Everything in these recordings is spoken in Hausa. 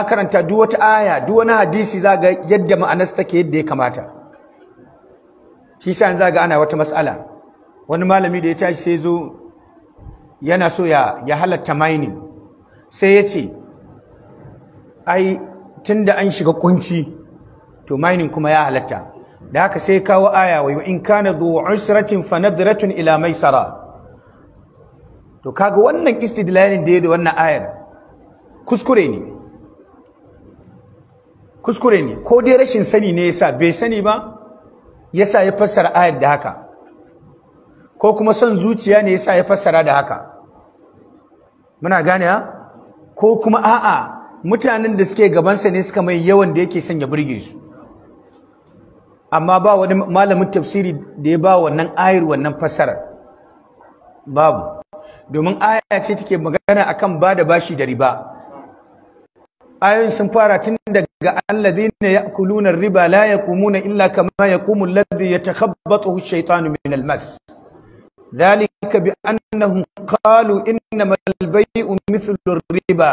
ka karanta duk wata aya duk wani hadisi za ga yadda ma'anarsa take yadda ya kamata shi sa yanzu za ana wata matsala wani malami da ya tashi sai zo yana so ya ya halatta mining sai yace ce ai tunda an shiga kunci to mining kuma ya halatta da haka sai kawo aya wa in kana dhu usratin fa nadratun ila maisara to kaga wannan istidlalin da ya da wannan ayar kuskure ne kuskure ne ko dai rashin sani ne yasa bai sani ba yasa ya fassara ayar da haka ko kuma son zuciya ne yasa ya fassara da haka muna gane ha ko kuma a'a mutanen da suke gabansa ne suka mai yawan da yake sanya ya burge su amma ba wani malamin tafsiri da ya ba wannan ayar wannan fassarar babu domin aya ce take magana akan ba da bashi da riba ayoyin sun fara tun daga alladhina ya'kuluna riba la kumuna illa kama yaqumu alladhi yatakhabbathu ash-shaytanu min al-mas dhalika bi annahum qalu innama al-bay'u mithlu riba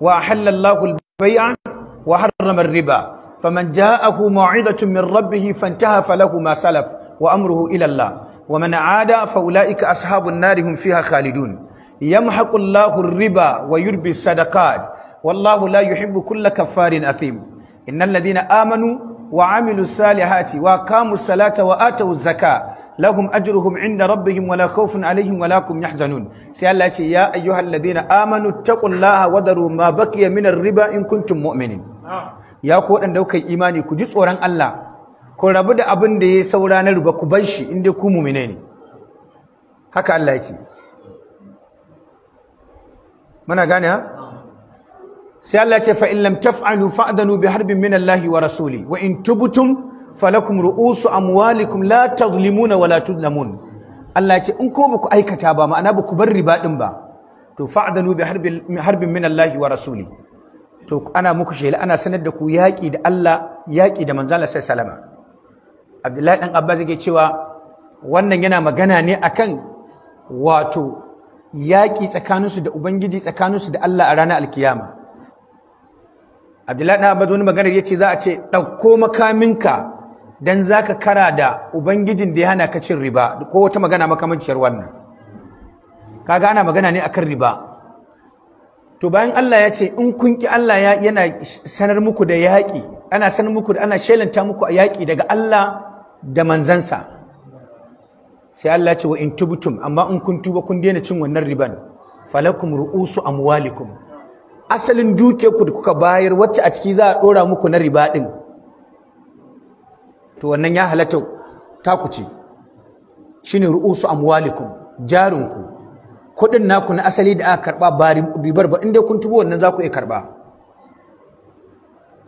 wa ahalla Allahu al-bay'a wa harrama ar-riba faman ja'ahu maw'idatun min rabbih fantaha falahu ma salaf wa amruhu ila Allah wa man 'ada fa ulaika ashabun nar hum fiha khalidun yamhaqu Allahu ar-riba wa yurbi as wallahu la yuhibbu kulla kaffarin athim innal ladina amanu wa amilus salihati wa qamus salata wa atawuz zakata lahum ajruhum inda rabbihim wala kafin alaihim wala hum yahzanun sai Allah ya ayyuhal ladina amanu ta wa daru ma baqiya minar riba in kuntum mu'minin ya ku wadanda kuka imani ku ji tsoron Allah Ko rabu da abin da yayi saura na riba ku bar shi inda ku muminai. ne haka Allah ya ce muna gane sai Allah ce fa in lam bi harbin min Allah wa rasuli wa in tubtum falakum ru'usu amwalikum la tazlimuna wa la Allah ce in ko baku aikata ba ma'ana baku bar riba ba to fa'danu bi harbin min Allah wa rasuli to ana muku shela ana sanar da ku yaƙi da Allah yaƙi da salama Abdullahi dan Abbas zage cewa wannan yana magana ne akan wato yaƙi tsakaninsu da Ubangiji tsakaninsu da Allah a ranar alkiyama abdullahi na abbas wani maganar yace za a ce ɗauko makaminka dan zaka kara da ubangijin da ya hana ka cin riba ko wata magana makamanciyar wannan kaga ana magana ne akan riba to bayan Allah ya ce in kun ki Allah ya yana sanar muku da yaƙi ana sanar muku da ana shelanta muku a yaƙi daga Allah da manzansa sai Allah ya ce wa in tubutum amma in kun tuba kun daina cin wannan riban falakum ru'usu amwalikum asalin duke ku da kuka bayar wacce a ciki za a dora muku na riba din to wannan ya halatta taku ce shine ru'usu amwalikum jarunku kuɗin naku na asali da aka karba ba ribar ba inda kun tubo wannan za ku iya karba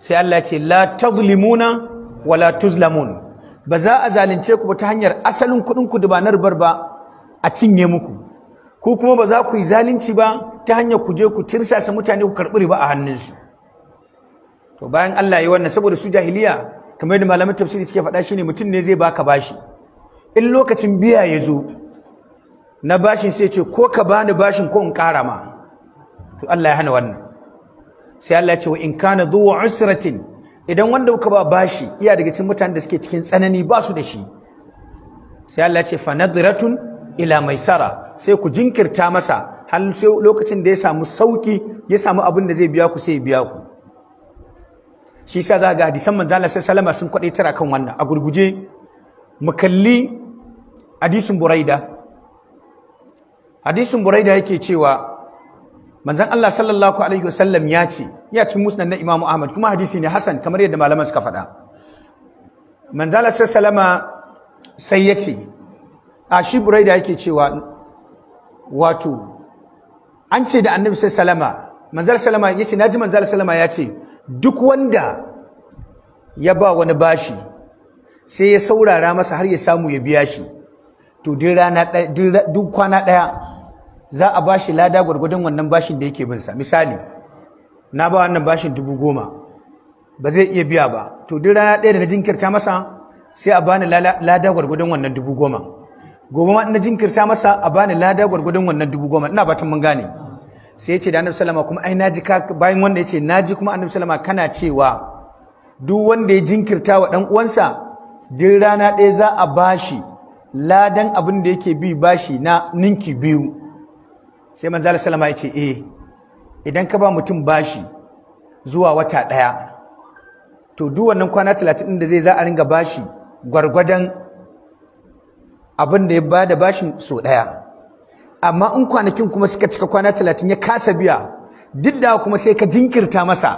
sai Allah ce la tazlimuna wala tuzlamun ba za a zalunce ku ba ta hanyar asalin kuɗin ku da ba na ribar ba a cinye muku ko kuma ba za ku yi zalunci ba ta hanyar ku je ku tirsasa mutane ku karɓi riba a hannunsu to bayan Allah ya yi wannan saboda su jahiliya kamar yadda malaman tafsiri suke faɗa shine mutum ne zai baka bashi in lokacin biya ya zo na bashin sai ce ko ka bani bashin ko in ƙara ma to Allah ya hana wannan sai Allah ya ce wa in kana dhu usratin idan wanda kuka ba bashi iya daga cikin mutanen da suke cikin tsanani ba su da shi sai Allah ya ce fa nadratun ila maisara sai ku jinkirta masa har sai lokacin da ya samu sauki ya samu abin da zai biya ku sai ya biya ku shi sa za ga hadisan manzo Allah sai salama sun kwade tara kan wannan a gurguje mu kalli hadisin Buraida hadisin Buraida yake cewa manzan Allah sallallahu alaihi wasallam ya ce ya cikin musnad na Imam Ahmad kuma hadisi ne hasan kamar yadda malaman suka faɗa manzo Allah salama sai ya ce a shi Buraida yake cewa wato an ce da annabi sai salama manzal salama ya ce naji manzal salama ya ce duk wanda ya ba wani bashi sai ya saurara masa har ya samu ya biya shi to duk kwana ɗaya za a bashi lada gwargwadon wannan bashin da yake binsa misali na ba wannan bashin dubu goma ba zai iya biya ba to duk rana ɗaya da na jinkirta masa sai a bani lada gwargwadon wannan dubu goma gobe ma ina jinkirta masa a bani lada gwargwadon wannan dubu goma ina batun mun gane sai yace da annabi sallama kuma ai naji ka bayan wanda yace naji kuma annabi sallama kana cewa duk wanda ya jinkirta wa dan uwansa din rana ɗaya za a bashi ladan abin da yake bi bashi na ninki biyu sai manzo sallama yace eh idan ka ba mutum bashi zuwa wata ɗaya to duk wannan kwana talatin da zai za a ringa bashi gwargwadon abin da ya bada bashin so daya amma in kwanakin kuma suka cika kwana talatin ya kasa biya duk da kuma sai ka jinkirta masa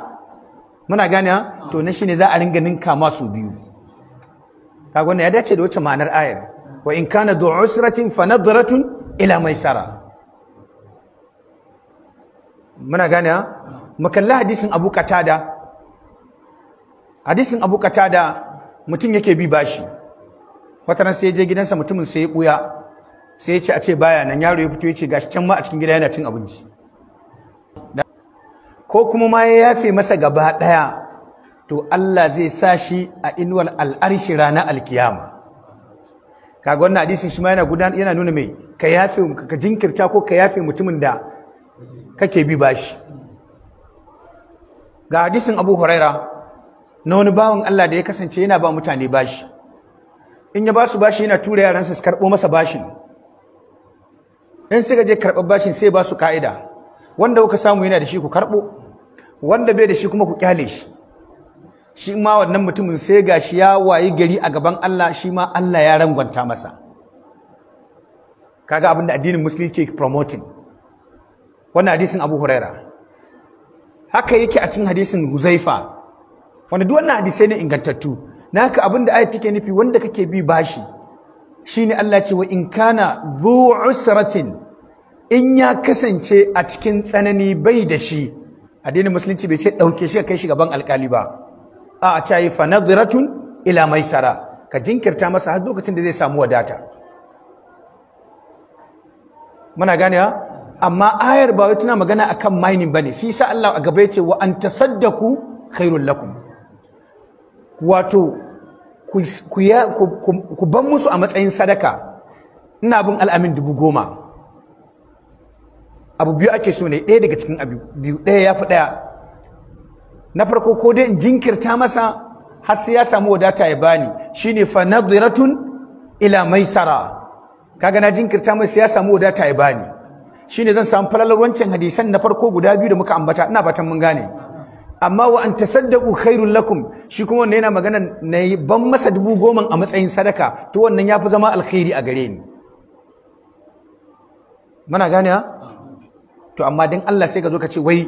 muna gane to nan shine za a ringa ninka masu biyu kaga ya dace da wacce ma'anar ayar wa in kana du usratin fa nadratun ila maisara muna gane makalla hadisin Abu katada hadisin Abu katada mutum yake bi bashi wata ran sai ya je gidansa mutumin sai ya buya sai ya ce a ce baya nan yaro ya fito ya ce gashi can ma a cikin gida yana cin abinci ko kuma ma ya yafe masa gaba daya to Allah zai sa shi a inwal al'arshi ranar alkiyama kaga wannan hadisin shi ma yana gudan yana nuna mai ka yafe ka jinkirta ko ka yafe mutumin da kake bi bashi ga hadisin Abu Huraira na wani bawan Allah da ya kasance yana ba mutane bashi in ya ba su bashi yana tura yaransa su karɓo masa bashin in suka je karɓar bashin sai ba su ka'ida wanda kuka samu yana da shi ku karɓo wanda bai da shi kuma ku kyale shi shi ma wannan mutumin sai ga shi ya wayi gari a gaban Allah shi ma Allah ya rangwanta masa kaga abin da addinin musulunci ke promoting wannan hadisin Abu Huraira haka yake a cikin hadisin Huzaifa wanda duk wannan hadisai ne ingantattu naka abin da ayat take nufi wanda kake bi bashi shine Allah ce wa in kana dhu usratin in ya kasance a cikin tsanani bai da shi addinin musulunci bai ce dauke shi kai shi gaban alkali ba a a ce fa nadratun ila maisara ka jinkirta masa har lokacin da zai samu wadata muna gane amma ayar ba wai tana magana akan mining bane shi sa Allah a gaba ya ce wa an tasaddaku khairul lakum wato ku ban musu a matsayin sadaka ina bin al'amin dubu goma abu biyu ake so ne ɗaya daga cikin abu biyu ɗaya ya fi ɗaya na farko ko dai in jinkirta masa har sai ya samu wadata ya bani shine fa nadratun ila maisara kaga na jinkirta masa ya samu wadata ya bani shine zan samu falalar wancan hadisan na farko guda biyu da muka ambata ina batan mun gane amma wa an tasaddaqu khairul lakum shi kuma wannan yana magana na ban masa dubu goma a matsayin sadaka to wannan yafi zama alkhairi a gare ni muna gane ha to amma dan Allah sai ka zo ka ce wai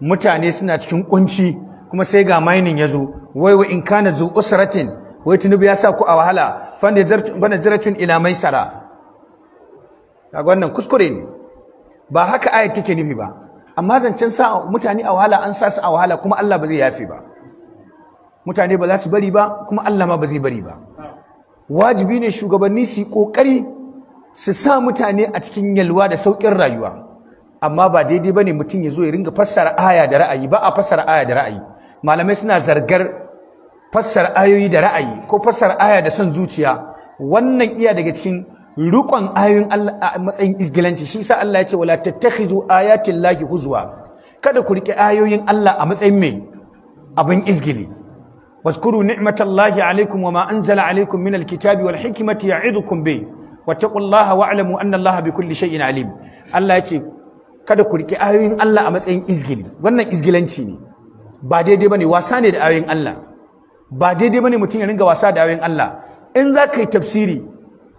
mutane suna cikin kunci kuma sai ga mining ya zo wai wa in kana zu usratin wai tunubi ya sa ku a wahala Fande bana jaratun ila maisara kaga wannan kuskure ne ba haka ayat take nufi ba amma zancen sa mutane a wahala an sa su a wahala kuma Allah ba zai yafe ba mutane ba za su bari ba kuma Allah ma ba zai bari ba wajibi ne shugabanni su kokari su sa mutane a cikin yalwa da saukin rayuwa amma ba daidai bane mutum ya zo ya ringa fassara aya da ra'ayi ba a fassara aya da ra'ayi malamai suna zargar fassara ayoyi da ra'ayi ko fassara aya da son zuciya wannan iya daga cikin rukon ayoyin Allah a matsayin izgilanci shi sa Allah ya ce wala tattakhizu ayatin lahi huzwa kada ku rike ayoyin Allah a matsayin mai abin izgili واذكروا wa الله عليكم وما أنزل عليكم من الكتاب والحكمة يعظكم به واتقوا الله واعلموا أن الله بكل alim. Allah ya ce kada ku rike ayoyin Allah a matsayin izgili wannan izgilanci ne ba daidai bane wasa ne da ayoyin Allah ba daidai bane mutum ya ringa wasa da ayoyin Allah in za ka yi tafsiri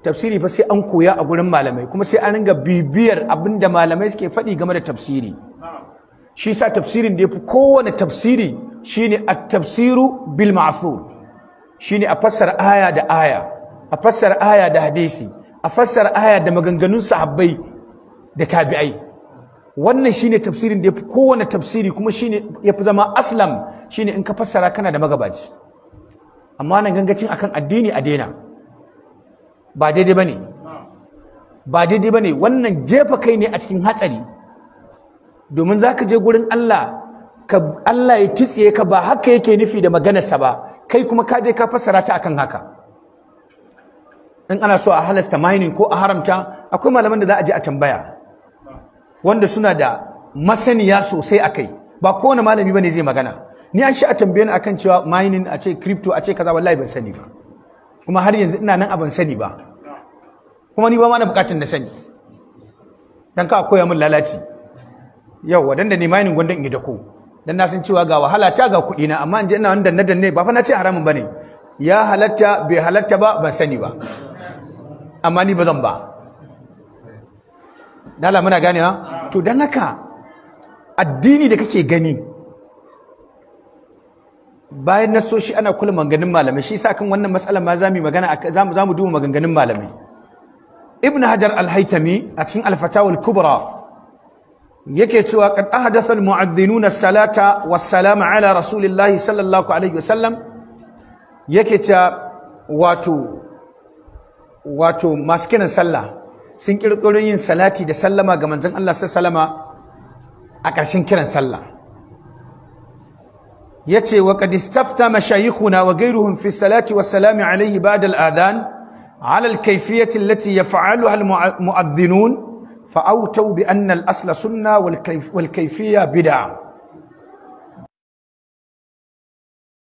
tafsiri fa sai an koya a gurin malamai kuma sai an ringa bibiyar abin da malamai suke faɗi game da tafsiri shi sa tafsirin da ya fi kowane tafsiri shine a tafsiru bil ma'thur shine a fassara aya da aya a fassara aya da hadisi a fassara aya da maganganun sahabbai da tabi'ai wannan shine tafsirin da ya fi kowane tafsiri kuma shine fi zama aslam shine in ka fassara kana da magabaci amma nan gangacin akan addini a daina ba daidai ba ne ba daidai ba ne wannan jefa kai ne a cikin hatsari domin za ka je gurin Allah ka Allah ya titsiye ka ba haka yake nufi da maganarsa ba kai kuma ka je ka fassara ta akan haka in ana so a halasta mining ko a haramta akwai malaman da za a je a tambaya wanda suna da masaniya sosai a kai ba kowane malami bane zai magana ni an shi a tambaye ni akan cewa mining a ce crypto a ce kaza wallahi ban sani ba kuma har yanzu ina nan a ban sani ba kuma ni ba ma na bukatun na sani dan ka koya min lalaci yau wadanda ne mayin gwandan in yi da dan na san cewa ga wahala ta ga kuɗi na amma in je ina wani danne danne ba fa na ce haramun bane ya halatta bai halatta ba ban sani ba amma ni ba zan ba dala muna ganewa to dan haka addini da kake gani bayan shi ana kula maganganun malamai shi yasa kan wannan matsalar ma zamu magana zamu zamu duba maganganun malamai ibn hajar al-haytami a cikin al kubra yake cewa qad ahdatha al-mu'adhdhinuna as-salata was-salama ala rasulillahi sallallahu alaihi sallam yake cewa wato wato masu kiran sallah sun kirkiro yin salati da sallama ga manzon Allah sallallahu alaihi a ƙarshen kiran sallah يتي وقد استفتى مشايخنا وغيرهم في الصلاة والسلام عليه بعد الآذان على الكيفية التي يفعلها المؤذنون فأوتوا بأن الأصل سنة والكيفية بدعة